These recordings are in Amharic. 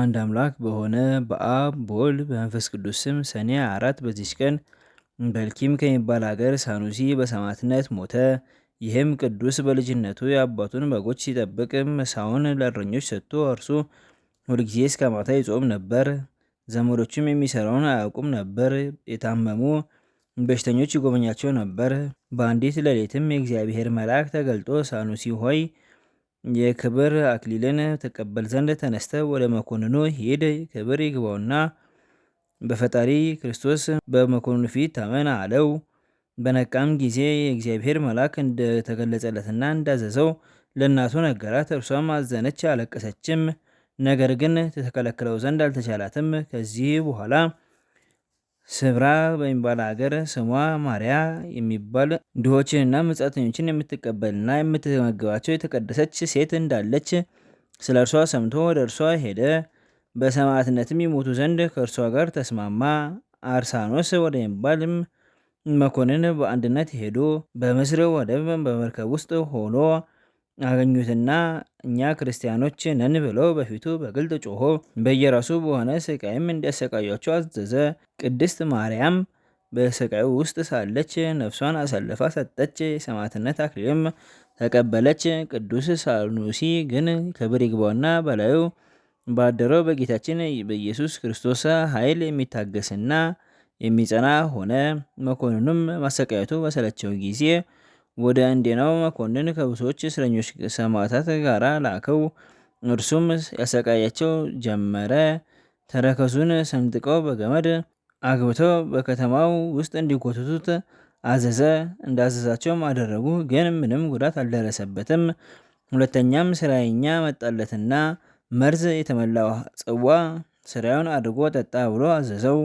አንድ አምላክ በሆነ በአብ በወልድ በመንፈስ ቅዱስ ስም ሰኔ አራት በዚች ቀን በልኪም ከሚባል ሀገር ሳኑሲ በሰማዕትነት ሞተ። ይህም ቅዱስ በልጅነቱ የአባቱን በጎች ሲጠብቅ ምሳውን ለእረኞች ሰጥቶ እርሱ ሁልጊዜ እስከ ማታ ይጾም ነበር። ዘመዶቹም የሚሰራውን አያውቁም ነበር። የታመሙ በሽተኞች ይጎበኛቸው ነበር። በአንዲት ሌሊትም የእግዚአብሔር መልአክ ተገልጦ ሳኑሲ ሆይ የክብር አክሊልን ተቀበል ዘንድ ተነስተ ወደ መኮንኑ ሄደ። ክብር ይግባውና በፈጣሪ ክርስቶስ በመኮንኑ ፊት ታመን አለው። በነቃም ጊዜ የእግዚአብሔር መልአክ እንደተገለጸለትና እንዳዘዘው ለእናቱ ነገራት። እርሷም አዘነች፣ አለቀሰችም። ነገር ግን ተከለክለው ዘንድ አልተቻላትም። ከዚህ በኋላ ስብራ በሚባል ሀገር ስሟ ማርያ የሚባል ድሆችንና መጻተኞችን የምትቀበልና የምትመግባቸው የተቀደሰች ሴት እንዳለች ስለ እርሷ ሰምቶ ወደ እርሷ ሄደ። በሰማዕትነትም ይሞቱ ዘንድ ከእርሷ ጋር ተስማማ። አርሳኖስ ሚባልም መኮንን በአንድነት ሄዱ። በምስር ወደብ በመርከብ ውስጥ ሆኖ አገኙትና እኛ ክርስቲያኖች ነን ብለው በፊቱ በግልጥ ጮሆ በየራሱ በሆነ ስቃይም እንዲያሰቃያቸው አዘዘ። ቅድስት ማርያም በስቃዩ ውስጥ ሳለች ነፍሷን አሳልፋ ሰጠች፣ የሰማዕትነት አክሊልም ተቀበለች። ቅዱስ ሳኑሲ ግን ክብር ይግባውና በላዩ ባደረው በጌታችን በኢየሱስ ክርስቶስ ኃይል የሚታገስና የሚጸና ሆነ። መኮንኑም ማሰቃየቱ በሰለቸው ጊዜ ወደ እንዴናው መኮንን ከብዙዎች እስረኞች ሰማዕታት ጋር ላከው። እርሱም ያሰቃያቸው ጀመረ። ተረከዙን ሰንጥቀው በገመድ አግብተው በከተማው ውስጥ እንዲጎትቱት አዘዘ። እንዳዘዛቸውም አደረጉ፣ ግን ምንም ጉዳት አልደረሰበትም። ሁለተኛም ስራኛ መጣለትና መርዝ የተመላው ጽዋ ስራዩን አድርጎ ጠጣ ብሎ አዘዘው።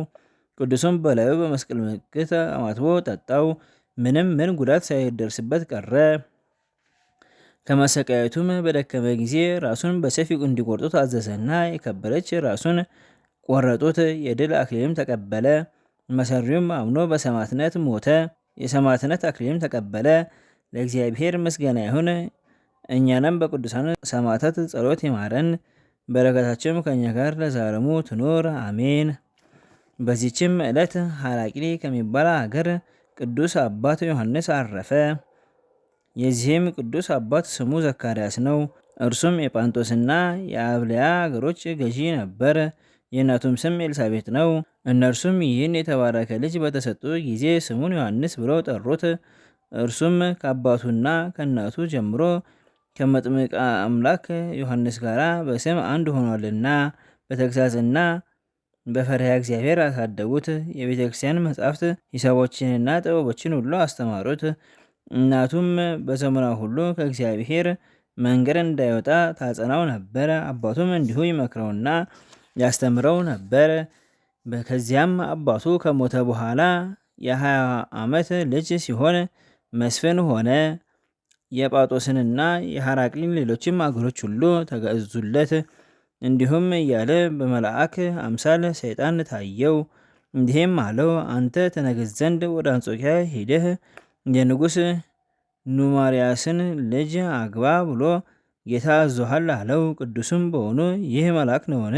ቅዱሱም በላዩ በመስቀል ምልክት አማትቦ ጠጣው። ምንም ምን ጉዳት ሳይደርስበት ቀረ። ከማሰቃየቱም በደከመ ጊዜ ራሱን በሰፊ እንዲቆርጡት አዘዘና የከበረች ራሱን ቆረጡት። የድል አክሊልም ተቀበለ። መሰሪውም አምኖ በሰማዕትነት ሞተ። የሰማዕትነት አክሊልም ተቀበለ። ለእግዚአብሔር ምስጋና ይሁን። እኛንም በቅዱሳን ሰማዕታት ጸሎት ይማረን። በረከታቸውም ከኛ ጋር ለዛረሙ ትኖር አሜን። በዚችም ዕለት ሀላቂ ከሚባል አገር ቅዱስ አባት ዮሐንስ አረፈ። የዚህም ቅዱስ አባት ስሙ ዘካርያስ ነው። እርሱም የጳንጦስና የአብለያ አገሮች ገዢ ነበር። የእናቱም ስም ኤልሳቤት ነው። እነርሱም ይህን የተባረከ ልጅ በተሰጡ ጊዜ ስሙን ዮሐንስ ብለው ጠሩት። እርሱም ከአባቱና ከእናቱ ጀምሮ ከመጥምቃ አምላክ ዮሐንስ ጋር በስም አንድ ሆኗልና በተግሳጽና በፈሪሃ እግዚአብሔር አሳደጉት። የቤተ ክርስቲያን መጻሕፍት ሂሳቦችንና ጥበቦችን ሁሉ አስተማሩት። እናቱም በዘመናው ሁሉ ከእግዚአብሔር መንገድ እንዳይወጣ ታጸናው ነበር። አባቱም እንዲሁ ይመክረውና ያስተምረው ነበር። ከዚያም አባቱ ከሞተ በኋላ የ20 ዓመት ልጅ ሲሆን መስፍን ሆነ። የጳጦስንና የሐራቅሊን ሌሎችም አገሮች ሁሉ ተገዙለት። እንዲሁም እያለ በመልአክ አምሳል ሰይጣን ታየው፣ እንዲህም አለው አንተ ተነግስ ዘንድ ወደ አንጾኪያ ሄደህ የንጉስ ኑማሪያስን ልጅ አግባ ብሎ ጌታ አዞሃል አለው። ቅዱስም በሆኑ ይህ መልአክ ነሆነ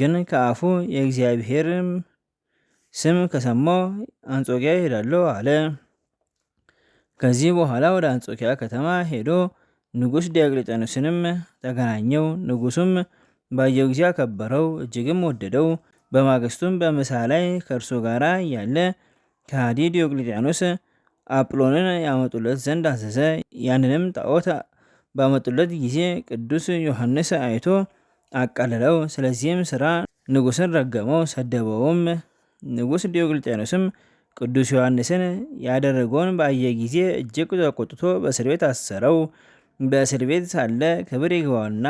ግን ከአፉ የእግዚአብሔር ስም ከሰማው አንጾኪያ ሄዳለሁ አለ። ከዚህ በኋላ ወደ አንጾኪያ ከተማ ሄዶ ንጉስ ዲዮቅልጥያኖስንም ተገናኘው። ንጉሱም ባየው ጊዜ አከበረው፣ እጅግም ወደደው። በማግስቱም በምሳ ላይ ከእርሱ ጋር ያለ ከሃዲ ዲዮቅልጥያኖስ አጵሎንን ያመጡለት ዘንድ አዘዘ። ያንንም ጣዖት ባመጡለት ጊዜ ቅዱስ ዮሐንስ አይቶ አቃለለው። ስለዚህም ስራ ንጉስን ረገመው፣ ሰደበውም። ንጉስ ዲዮቅልጥያኖስም ቅዱስ ዮሐንስን ያደረገውን ባየ ጊዜ እጅግ ተቆጥቶ በእስር ቤት አሰረው። በእስር ቤት ሳለ ክብር ይግባውና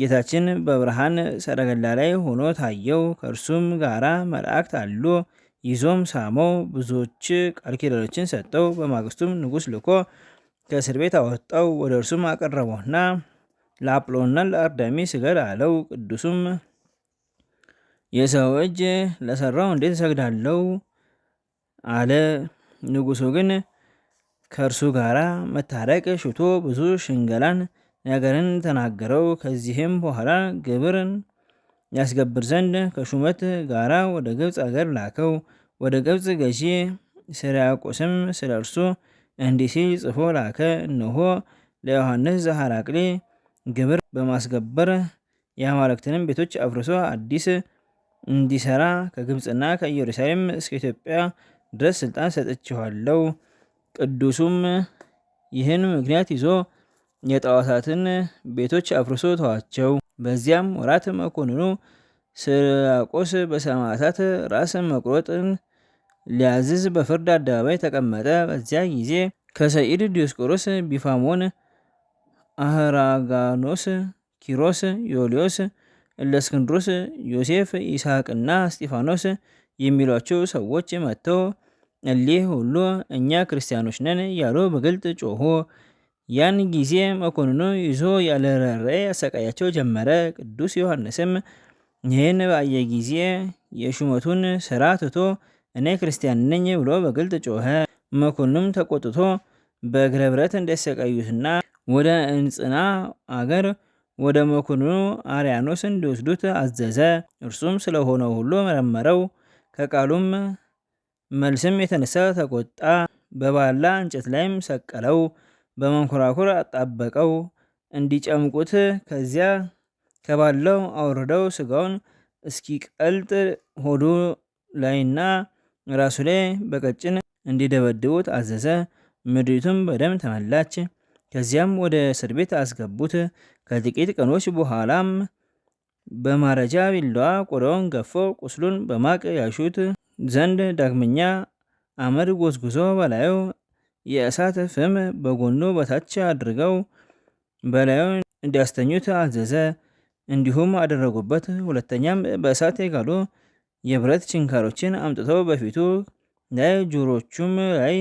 ጌታችን በብርሃን ሰረገላ ላይ ሆኖ ታየው። ከእርሱም ጋራ መላእክት አሉ። ይዞም ሳመው። ብዙዎች ቃል ኪዳኖችን ሰጠው። በማግስቱም ንጉሥ ልኮ ከእስር ቤት አወጣው። ወደ እርሱም አቀረበውና ለአጵሎና ለአርዳሚ ስገድ አለው። ቅዱሱም የሰው እጅ ለሰራው እንዴት እሰግዳለሁ አለ። ንጉሱ ግን ከእርሱ ጋራ መታረቅ ሽቶ ብዙ ሽንገላን ነገርን ተናገረው። ከዚህም በኋላ ግብርን ያስገብር ዘንድ ከሹመት ጋራ ወደ ግብፅ አገር ላከው። ወደ ግብፅ ገዢ ስርያቆስም ስለ እርሱ እንዲህ ሲል ጽፎ ላከ። እነሆ ለዮሐንስ ዘሐራቅሌ ግብር በማስገበር የአማልክትንም ቤቶች አፍርሶ አዲስ እንዲሰራ ከግብፅና ከኢየሩሳሌም እስከ ኢትዮጵያ ድረስ ስልጣን ሰጥችኋለው። ቅዱሱም ይህን ምክንያት ይዞ የጣዖታትን ቤቶች አፍርሶ ተዋቸው። በዚያም ወራት መኮንኑ ስርያቆስ በሰማዕታት ራስ መቁረጥን ሊያዝዝ በፍርድ አደባባይ ተቀመጠ። በዚያ ጊዜ ከሰኢድ፣ ዲዮስቆሮስ፣ ቢፋሞን፣ አህራጋኖስ፣ ኪሮስ፣ ዮልዮስ፣ እለስክንድሮስ፣ ዮሴፍ፣ ይስሐቅና እስጢፋኖስ የሚሏቸው ሰዎች መጥተው እሊህ ሁሉ እኛ ክርስቲያኖች ነን እያሉ በግልጥ ጮሆ! ያን ጊዜ መኮንኑ ይዞ ያለረረ ያሰቃያቸው ጀመረ። ቅዱስ ዮሐንስም ይህን ባየ ጊዜ የሹመቱን ስራ ትቶ እኔ ክርስቲያን ነኝ ብሎ በግልጥ ጮኸ። መኮንኑም ተቆጥቶ በእግረ ብረት እንዳሰቃዩትና ወደ እንጽና አገር ወደ መኮንኑ አርያኖስ እንዲወስዱት አዘዘ። እርሱም ስለሆነው ሁሉ መረመረው። ከቃሉም መልስም የተነሳ ተቆጣ። በባላ እንጨት ላይም ሰቀለው። በመንኮራኩር አጣበቀው እንዲጨምቁት ከዚያ ከባለው አውርደው ስጋውን እስኪቀልጥ ሆዱ ላይና ራሱ ላይ በቀጭን እንዲደበድቡት አዘዘ። ምድሪቱም በደም ተመላች። ከዚያም ወደ እስር ቤት አስገቡት። ከጥቂት ቀኖች በኋላም በማረጃ ቢላዋ ቆዳውን ገፎ ቁስሉን በማቅ ያሹት ዘንድ ዳግመኛ አመድ ጎዝጉዞ በላዩ የእሳት ፍም በጎኑ በታች አድርገው በላዩ እንዲያስተኙት አዘዘ። እንዲሁም አደረጉበት። ሁለተኛም በእሳት የጋሉ የብረት ችንካሮችን አምጥተው በፊቱ ላይ ጆሮቹም ላይ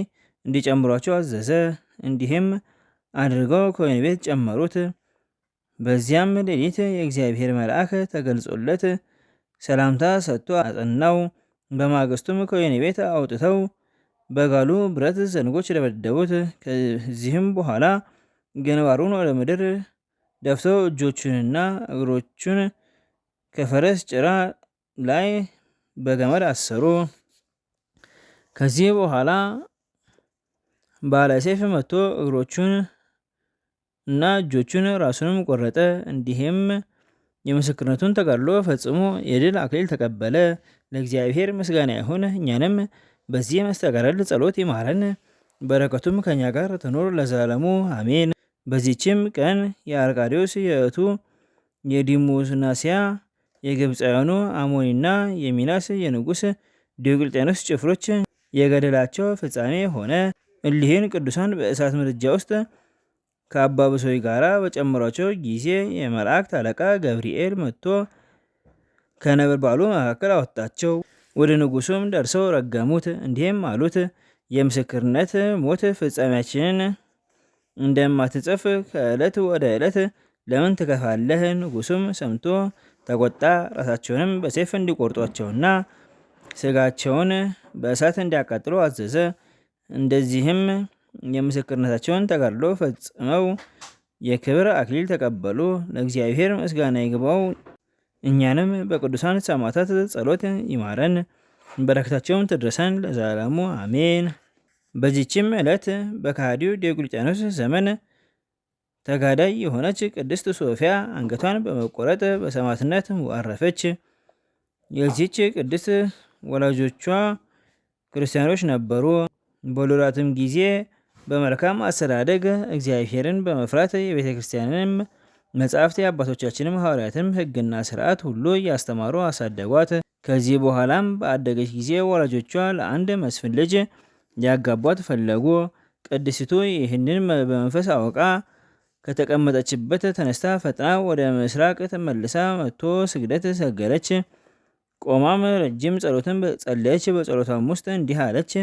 እንዲጨምሯቸው አዘዘ። እንዲህም አድርገው ከወይን ቤት ጨመሩት። በዚያም ሌሊት የእግዚአብሔር መልአክ ተገልጾለት ሰላምታ ሰጥቶ አጸናው። በማግስቱም ከወይን ቤት አውጥተው በጋሉ ብረት ዘንጎች ደበደቡት። ከዚህም በኋላ ገንባሩን ወደ ምድር ደፍተው እጆቹንና እግሮቹን ከፈረስ ጭራ ላይ በገመድ አሰሩ። ከዚህ በኋላ ባለሴፍ መጥቶ እግሮቹን እና እጆቹን ራሱንም ቆረጠ። እንዲህም የምስክርነቱን ተጋድሎ ፈጽሞ የድል አክሊል ተቀበለ። ለእግዚአብሔር ምስጋና ይሁን እኛንም በዚህ የመስተጋደል ጸሎት ይማረን፣ በረከቱም ከኛ ጋር ትኖር ለዘላለሙ አሜን። በዚችም ቀን የአርቃዲዎስ የእቱ የዲሞስናሲያ የግብፃውያኑ አሞኒና የሚናስ የንጉሥ ዲዮቅልጤኖስ ጭፍሮች የገደላቸው ፍጻሜ ሆነ። እሊህን ቅዱሳን በእሳት ምድጃ ውስጥ ከአባ ብሶይ ጋር በጨምሯቸው ጊዜ የመላእክት አለቃ ገብርኤል መጥቶ ከነበልባሉ መካከል አወጣቸው። ወደ ንጉሱም ደርሰው ረገሙት፣ እንዲህም አሉት የምስክርነት ሞት ፍጻሜያችንን እንደማትጽፍ ከዕለት ወደ ዕለት ለምን ትከፋለህ? ንጉሱም ሰምቶ ተቆጣ። ራሳቸውንም በሰይፍ እንዲቆርጧቸውና ስጋቸውን በእሳት እንዲያቃጥሉ አዘዘ። እንደዚህም የምስክርነታቸውን ተጋድሎ ፈጽመው የክብር አክሊል ተቀበሉ። ለእግዚአብሔር ምስጋና ይግባው። እኛንም በቅዱሳን ሰማዕታት ጸሎት ይማረን፣ በረከታቸውም ትድረሰን ለዘላለሙ አሜን። በዚችም ዕለት በካህዲው ዲዮቅልጥያኖስ ዘመን ተጋዳይ የሆነች ቅድስት ሶፊያ አንገቷን በመቆረጥ በሰማዕትነት አረፈች። የዚች ቅድስት ወላጆቿ ክርስቲያኖች ነበሩ። በወለዷትም ጊዜ በመልካም አስተዳደግ እግዚአብሔርን በመፍራት የቤተ ክርስቲያንንም መጻሕፍት የአባቶቻችንም ሐዋርያትም ሕግና ሥርዓት ሁሉ እያስተማሩ አሳደጓት። ከዚህ በኋላም በአደገች ጊዜ ወላጆቿ ለአንድ መስፍን ልጅ ያጋቧት ፈለጉ። ቅድስቱ ይህንን በመንፈስ አውቃ ከተቀመጠችበት ተነስታ ፈጥና ወደ ምስራቅ ተመልሳ መጥቶ ስግደት ሰገረች። ቆማም ረጅም ጸሎትን ጸለየች። በጸሎቷም ውስጥ እንዲህ አለች፦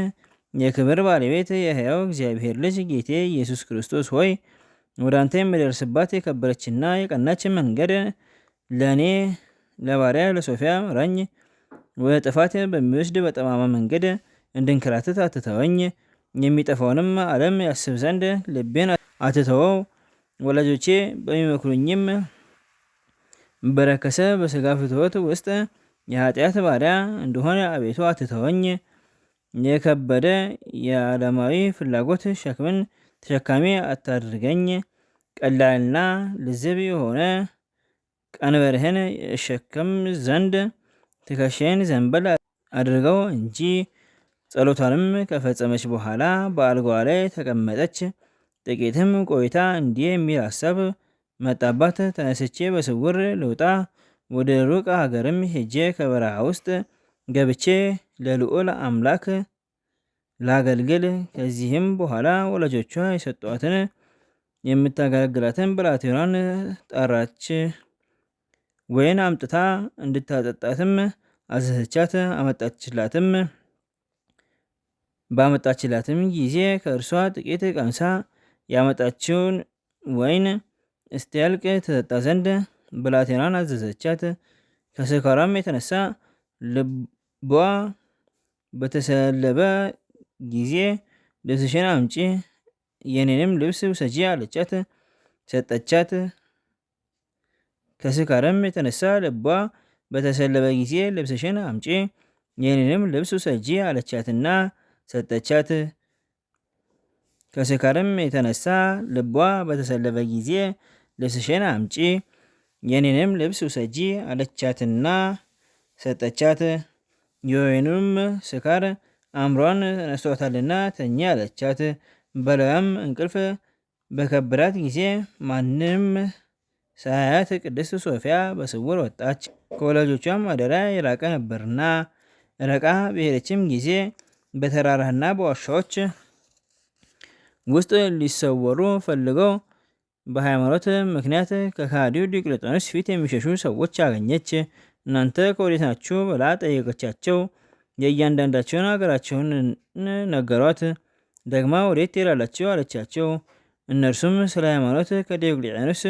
የክብር ባለቤት የሕያው እግዚአብሔር ልጅ ጌቴ ኢየሱስ ክርስቶስ ሆይ ወደ አንተ የምደርስባት የከበረችና የቀናች መንገድ ለእኔ ለባሪያ ለሶፊያ ምራኝ። ወደ ጥፋት በሚወስድ በጠማማ መንገድ እንድንከራተት አትተወኝ። የሚጠፋውንም ዓለም ያስብ ዘንድ ልቤን አትተወው። ወላጆቼ በሚመክሩኝም በረከሰ በስጋ ፍትወት ውስጥ የኃጢአት ባሪያ እንደሆነ አቤቱ አትተወኝ። የከበደ የዓለማዊ ፍላጎት ሸክምን ተሸካሚ አታድርገኝ፣ ቀላልና ልዝብ የሆነ ቀንበርህን እሸከም ዘንድ ትከሻዬን ዘንበል አድርገው እንጂ። ጸሎቷንም ከፈጸመች በኋላ በአልጋዋ ላይ ተቀመጠች። ጥቂትም ቆይታ እንዲህ የሚል ሀሳብ መጣባት፣ ተነስቼ በስውር ልውጣ፣ ወደ ሩቅ ሀገርም ሄጄ ከበረሃ ውስጥ ገብቼ ለልዑል አምላክ ላገልግል። ከዚህም በኋላ ወላጆቿ የሰጧትን የምታገለግላትን ብላቴኗን ጠራች፣ ወይን አምጥታ እንድታጠጣትም አዘዘቻት። አመጣችላትም። ባመጣችላትም ጊዜ ከእርሷ ጥቂት ቀምሳ ያመጣችውን ወይን እስቲያልቅ ተጠጣ ዘንድ ብላቴናን አዘዘቻት። ከስካራም የተነሳ ልቧ በተሰለበ ጊዜ ልብስሽን አምጪ የኔንም ልብስ ውሰጂ አለቻት። ሰጠቻት። ከስካርም የተነሳ ልቧ በተሰለበ ጊዜ ልብስሽን አምጪ የኔንም ልብስ ውሰጂ አለቻትና ሰጠቻት። ከስካርም የተነሳ ልቧ በተሰለበ ጊዜ ልብስሽን አምጪ የኔንም ልብስ ውሰጂ አለቻትና ሰጠቻት። የወይኑም ስካር አእምሯን ነስቷታልና ተኛ አለቻት። በላዩም እንቅልፍ በከበዳት ጊዜ ማንም ሳያት ቅድስት ሶፊያ በስውር ወጣች። ከወላጆቿም አደራ የራቀ ነበርና ረቃ በሄደችም ጊዜ በተራራና በዋሻዎች ውስጥ ሊሰወሩ ፈልገው በሃይማኖት ምክንያት ከካዲው ዲዮቅልጥያኖስ ፊት የሚሸሹ ሰዎች አገኘች። እናንተ ከወዴት ናችሁ ብላ ጠየቀቻቸው። የእያንዳንዳቸውን ሀገራቸውን ነገሯት። ደግማ ወዴት ትሄዳላችሁ አለቻቸው። እነርሱም ስለ ሃይማኖት ከዲዮቅልጥያኖስ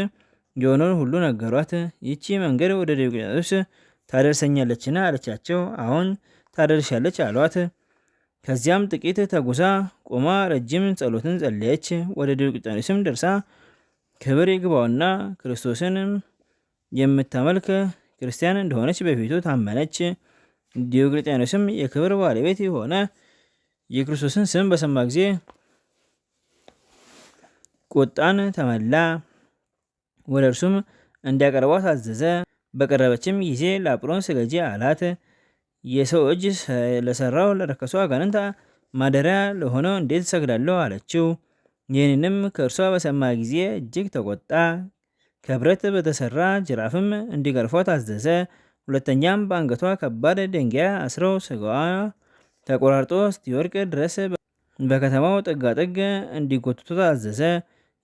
የሆነውን ሁሉ ነገሯት። ይቺ መንገድ ወደ ዲዮቅልጥያኖስ ታደርሰኛለችና አለቻቸው። አሁን ታደርሻለች አሏት። ከዚያም ጥቂት ተጉሳ ቆማ ረጅም ጸሎትን ጸለየች። ወደ ዲዮቅልጥያኖስም ደርሳ ክብር ይግባውና ክርስቶስን የምታመልክ ክርስቲያን እንደሆነች በፊቱ ታመነች። ዲዮቅልጥያኖስም የክብር ባለቤት የሆነ የክርስቶስን ስም በሰማ ጊዜ ቁጣን ተመላ፣ ወደ እርሱም እንዲያቀርቧት አዘዘ። በቀረበችም ጊዜ ለአጵሮን ስገጂ አላት። የሰው እጅ ለሰራው ለረከሱ አጋንንት ማደሪያ ለሆነው እንዴት እሰግዳለሁ አለችው። ይህንንም ከእርሷ በሰማ ጊዜ እጅግ ተቆጣ። ከብረት በተሰራ ጅራፍም እንዲገርፏት አዘዘ። ሁለተኛም በአንገቷ ከባድ ደንጊያ አስረው ስጋዋ ተቆራርጦ እስኪወድቅ ድረስ በከተማው ጥጋጥግ እንዲጎትቱ ታዘዘ።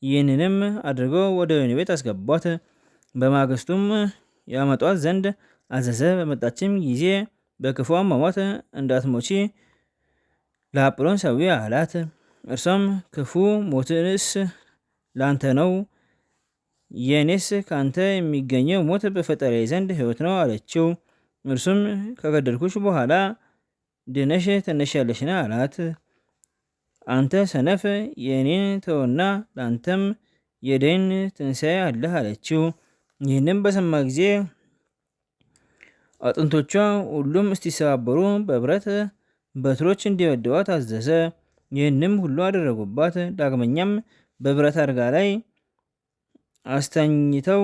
ይህንንም አድርጎ ወደ ወህኒ ቤት አስገቧት። በማግስቱም ያመጧት ዘንድ አዘዘ። በመጣችም ጊዜ በክፉ አሟሟት እንዳትሞቺ ለአጵሎን ሰዊ አላት። እርሷም ክፉ ሞትንስ ላንተ ነው የኔስ ከአንተ የሚገኘው ሞት በፈጣሪዬ ዘንድ ህይወት ነው አለችው። እርሱም ከገደልኩሽ በኋላ ድነሽ ትነሻለሽን አላት። አንተ ሰነፍ የኔን ተወና ለአንተም የደን ትንሣኤ አለህ አለችው። ይህንም በሰማ ጊዜ አጥንቶቿ ሁሉም እስቲሰባበሩ በብረት በትሮች እንዲመድቧት አዘዘ። ይህንም ሁሉ አደረጉባት። ዳግመኛም በብረት አድርጋ ላይ አስተኝተው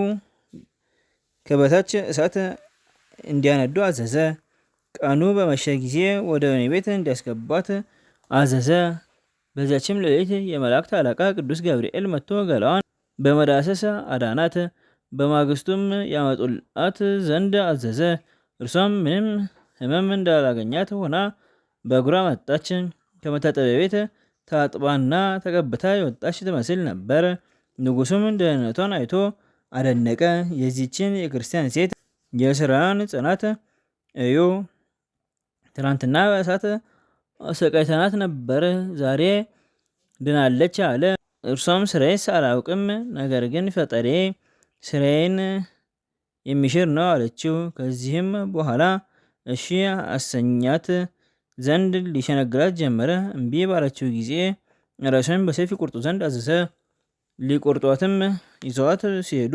ከበታች እሳት እንዲያነዱ አዘዘ። ቀኑ በመሸ ጊዜ ወደ ወህኒ ቤት እንዲያስገቧት አዘዘ። በዚያችም ሌሊት የመላእክት አለቃ ቅዱስ ገብርኤል መጥቶ ገላዋን በመዳሰስ አዳናት። በማግስቱም ያመጡላት ዘንድ አዘዘ። እርሷም ምንም ሕመም እንዳላገኛት ሆና በእግሯ መጣች። ከመታጠቢያ ቤት ታጥባና ተቀብታ የወጣች ትመስል ነበር። ንጉሱም ድህነቷን አይቶ አደነቀ። የዚችን የክርስቲያን ሴት የስራን ጽናት እዩ፣ ትናንትና በእሳት አሰቃይተናት ነበር፣ ዛሬ ድናለች አለ። እርሷም ስራዬስ አላውቅም፣ ነገር ግን ፈጠሬ ስራዬን የሚሽር ነው አለችው። ከዚህም በኋላ እሺ አሰኛት ዘንድ ሊሸነግላት ጀመረ። እምቢ ባለችው ጊዜ ራሷን በሰይፍ ቁርጡ ዘንድ አዘዘ። ሊቆርጧትም ይዘዋት ሲሄዱ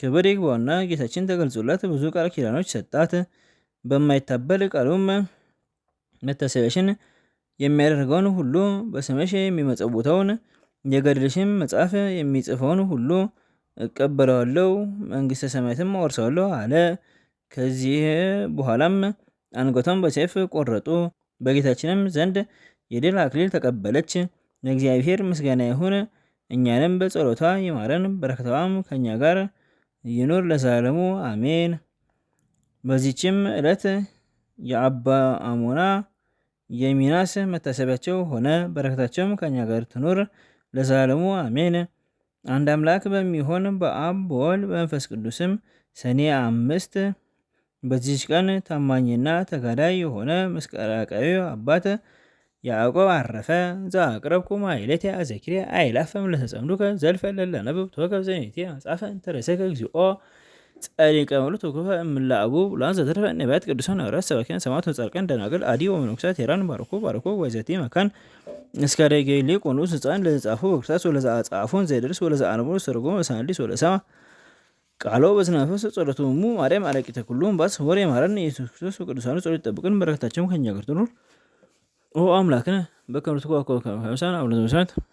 ክብር ይግባውና ጌታችን ተገልጾላት ብዙ ቃል ኪዳኖች ሰጣት። በማይታበል ቃሉም መታሰቢያሽን የሚያደርገውን ሁሉ፣ በስምሽ የሚመጸውተውን፣ የገድልሽን መጽሐፍ የሚጽፈውን ሁሉ እቀበለዋለሁ፣ መንግስተ ሰማያትም ወርሰዋለሁ አለ። ከዚህ በኋላም አንገቷን በሰይፍ ቆረጡ። በጌታችንም ዘንድ የድል አክሊል ተቀበለች። ለእግዚአብሔር ምስጋና ይሁን። እኛንም በጸሎቷ ይማረን፣ በረከቷም ከእኛ ጋር ይኑር ለዘላለሙ አሜን። በዚችም ዕለት የአባ አሞና የሚናስ መታሰቢያቸው ሆነ። በረከታቸውም ከእኛ ጋር ትኑር ለዘላለሙ አሜን። አንድ አምላክ በሚሆን በአብ በወልድ በመንፈስ ቅዱስም ሰኔ አምስት በዚች ቀን ታማኝና ተጋዳይ የሆነ መስቀል አባት ያዕቆብ አረፈ። ዘአቅረብኩማ ኃይለተ አዘኪርየ አእላፈ ለተጸምዱከ ዘልፈ ለለነብብ ተወከብ ዘኔትየ መጽሐፈ እንተረሰከ እግዚኦ ጸዲቀ ምሉእ ተኩፈ እምእለ አቡብ ዘተረፈ ተረፈ ነቢያት ቅዱሳን ሐዋርያት ሰባክያን ሰማዕታት ወጻድቃን ደናግል አዲ ወመነኮሳት ሄራን ባርኮ ባርኮ ወዘቲ መካን እስከ ደገይሌ ቆኑስ ሕፃን ወክሳት በክርታስ ወለዘአጻፉን ዘይደርስ ወለዘአንብሩ ሰርጎም ወለሳንዲስ ወለሰማ ቃሎ በዝናፈስ ጸሎቱ ሙ ማርያም አራቂተ ኩሉ ባስ ወሬ ማረን ኢየሱስ ክርስቶስ ቅዱሳኑ ጸሎት ይጠብቅን። በረከታቸውም ከእኛ ጋር ትኑር هو املاكنه إيه؟ بكم تكون كم سنه او لازم سنه